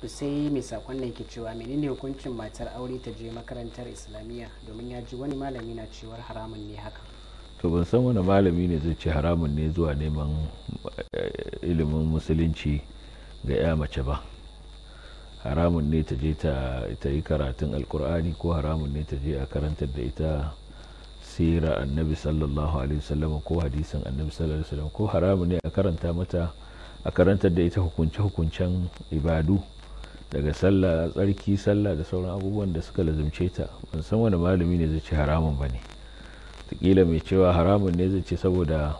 to sai mai sakon nan ke cewa menene hukuncin matar aure ta je makarantar islamiyya domin ya ji wani malami na cewar haramun ne haka to ban san wani malami ne zai ce haramun ne zuwa neman eh, ilimin musulunci ga ya mace ba haramun ne ta je ta yi karatun alkur'ani ko haramun ne ta je a karantar da ita sira annabi sallallahu alaihi wasallam ko hadisin annabi sallallahu alaihi wasallam ko haramun ne a karanta mata a karantar da ita hukunce-hukuncen ibadu daga sallah tsarki sallah da sauran abubuwan da suka lazumce ta ban san wani malami ne zai ce haramun ba ne takila mai cewa haramun ne zai ce saboda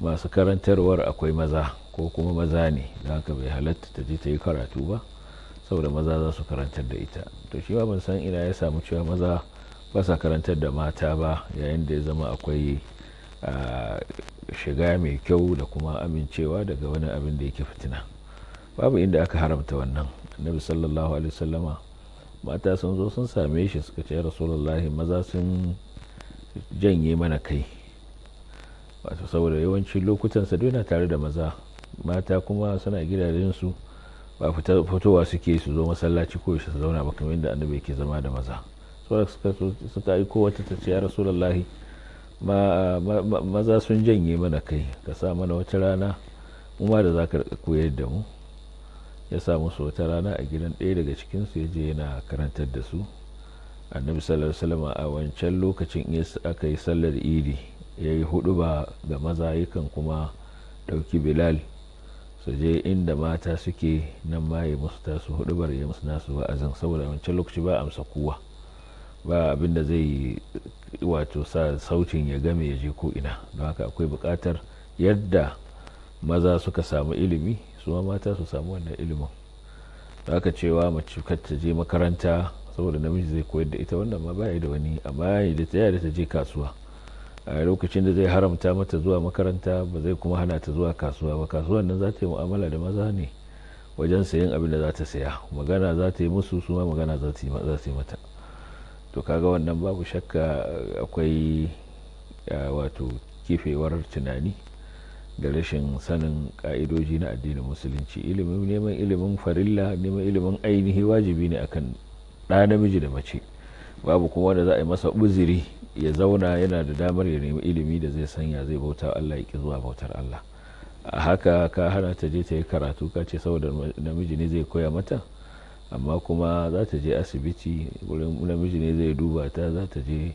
masu karantarwar akwai maza ko kuma maza ne da haka bai halatta ta je ta yi karatu ba saboda maza za su karantar da ita to shi ba ban san ina ya samu cewa maza ba sa karantar da mata ba yayin da ya zama akwai shiga mai kyau da kuma amincewa daga wani abin da yake fitina babu inda aka haramta wannan annabi sallallahu alaihi wasallama mata sun zo sun same shi suka ce rasulullahi maza sun janye mana kai wato saboda yawanci lokutan sa na tare da maza mata kuma suna gidajen su ba fitowa suke su zo masallaci ko su zauna ba kamar yadda annabi yake zama da maza saboda suka aiko wata ta ce ya rasulullahi maza sun janye mana kai ka sa mana wata rana mu ma da za ka koyar da mu ya sa musu wata rana a gidan ɗaya daga cikinsu ya je yana karantar da su annabi sallallahu alaihi a wancan lokacin aka yi sallar idi ya yi hudu ba ga maza yakan kuma ɗauki bilal su je inda mata suke nan ma ya musu tasu hudu bar ya musu nasu wa'azin saboda wancan lokaci ba amsa kowa ba abin da zai wato sa sautin ya game ya je ko ina don haka akwai bukatar yadda maza suka samu ilimi su ma mata su samu wannan ilimin da aka cewa mace ta je makaranta saboda namiji zai koyar da ita wannan ma baya da wani amma yayi da da ta je kasuwa a lokacin da zai haramta mata zuwa makaranta ba zai kuma hana ta zuwa kasuwa ba kasuwan nan za ta yi mu'amala da maza ne wajen sayan abin da za ta saya magana za ta yi musu su ma magana za ta yi mata to kaga wannan babu shakka akwai ah, wato kifewar tunani da rashin sanin ka'idoji na addinin musulunci ilimin neman ilimin farilla neman ilimin ainihi wajibi ne akan ɗa namiji da mace babu kuma da za a yi masa uziri ya zauna yana da damar ya nemi ilimi da zai sanya zai bauta Allah ya ki zuwa bautar Allah a haka ka hana ta je ta yi karatu ka ce saboda namiji ne zai koya mata amma kuma za ta je asibiti wurin namiji ne zai duba ta za ta je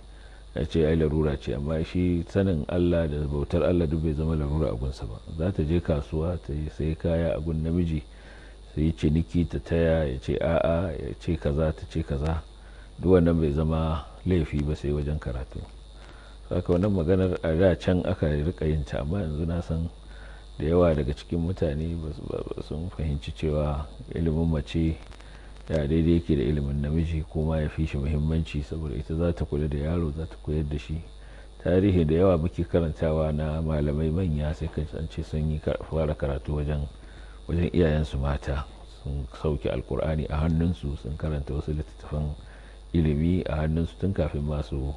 ya ce ai larura ce amma shi sanin Allah da bautar Allah duk bai zama larura a gunsa ba za ta je kasuwa ta yi sai kaya a gun namiji ta yi ciniki ta taya ya ce a'a ya ce kaza ta ce kaza duk wannan bai zama laifi ba sai wajen karatu saka wannan maganar a da can aka rika yin ta amma yanzu na san da yawa daga cikin mutane sun fahimci cewa ilimin mace ya daidai yake da ilimin namiji kuma ya fi shi muhimmanci saboda ita za ta kula da yaro za ta koyar da shi tarihi da yawa muke karantawa na malamai manya sai kan an ce sun yi fara karatu wajen wajen iyayensu mata sun sauke alkur'ani a hannunsu sun karanta wasu littattafan ilimi a hannunsu tun kafin masu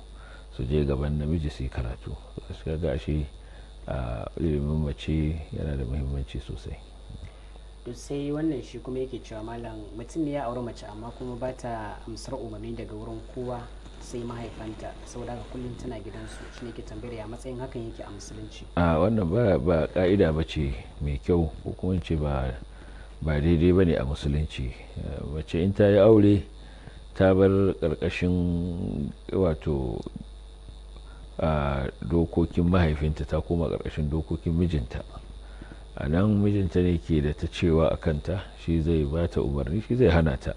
su je gaban namiji su yi karatu su ga ashe ilimin mace yana da muhimmanci sosai to sai wannan shi kuma yake cewa malam mutum ya auri mace amma kuma ba ta amsar umarni daga wurin kowa sai mahaifanta saboda haka kullum tana gidansu shi ne ke tambayar ya matsayin hakan yake a musulunci a wannan ba ba ka'ida ba ce mai kyau ko kuma ce ba ba daidai ba ne a musulunci mace in ta yi aure ta bar karkashin wato dokokin mahaifinta ta koma karkashin dokokin mijinta a nan mijinta ne ke da ta cewa a kanta shi zai ba ta umarni shi zai hana ta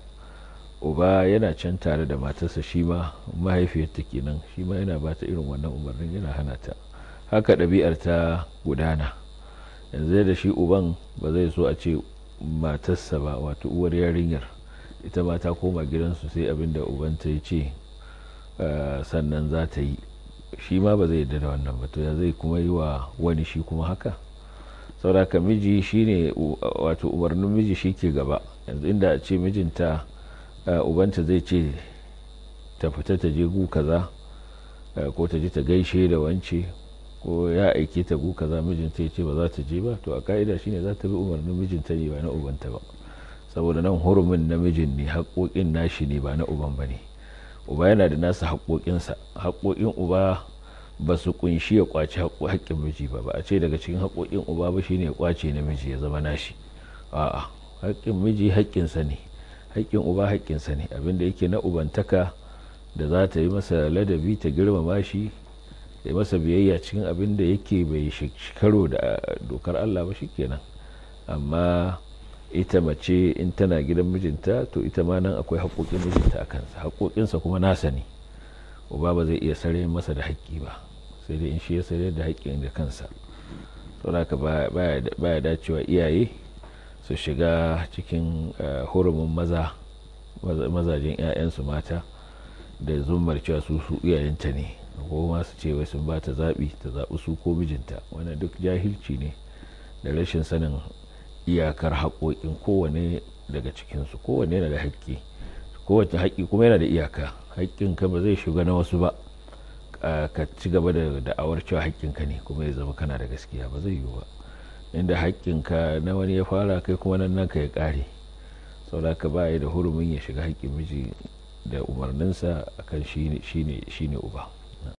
uba yana can tare da matarsa shi ma mahaifiyarta kenan shi ma yana ba ta irin wannan umarnin yana hana ta haka ɗabi'ar ta gudana yanzu da shi uban ba zai so a ce matarsa ba wato uwar yarinyar ita ma ta koma gidansu sai abin da uban ya ce ah, sannan za ta yi shi ma ba zai yarda da wannan ba to ya zai kuma yi wa wani shi kuma haka sauraka miji shine wato umarnin miji shi ke gaba yanzu inda a ce mijinta eh, ubanta zai ce ta fita ta je gu kaza eh, ko ta je ta gaishe da wance ko ya aike ta gu kaza mijinta ya ce ba za ta je ba to a ka'ida shine za ta bi umarnin mijinta ne ba na ubanta ba saboda nan hurumin namijin ne haƙoƙin nashi ne ba na uban ba ne uba yana da nasa haƙoƙinsa haƙoƙin uba ba su kunshi ya kwace haƙƙin miji ba ba a ce daga cikin haƙoƙin uba ba shine ya kwace namiji ya zama nashi a'a haƙƙin miji haƙƙinsa ne haƙƙin uba haƙƙinsa ne abinda yake na ubantaka da za ta yi masa ladabi ta girmama shi da masa biyayya cikin abin da yake bai karo da dokar Allah ba shikenan amma ita mace in tana gidan mijinta to ita ma nan akwai haƙoƙin mijinta a kansa haƙoƙinsa kuma nasa ne uba ba zai iya sare masa da haƙƙi ba sai dai in shi ya sayar da haƙƙin da kansa saboda ya dacewa iyaye su shiga cikin eh, hurumin maza mazajen 'ya'yansu mata da zumar cewa su su iyayenta ne ko ma su ce wai sun ba ta zaɓi ta zaɓi su ko mijinta wannan duk jahilci ne da rashin sanin iyakar haƙoƙin kowane daga cikinsu kowane yana da haƙƙi kowace haƙƙi kuma yana da iyaka haƙƙin ka ba zai shiga na wasu ba Eh, ka ci gaba da da'awar cewa haƙƙinka ne kuma ya zama kana da gaskiya ba zai yiwu ba inda haƙƙinka na wani ya fara kai kuma nan naka ya ƙare saboda ka ba da hurumin ya shiga hakkin miji da umarninsa akan shine shine uba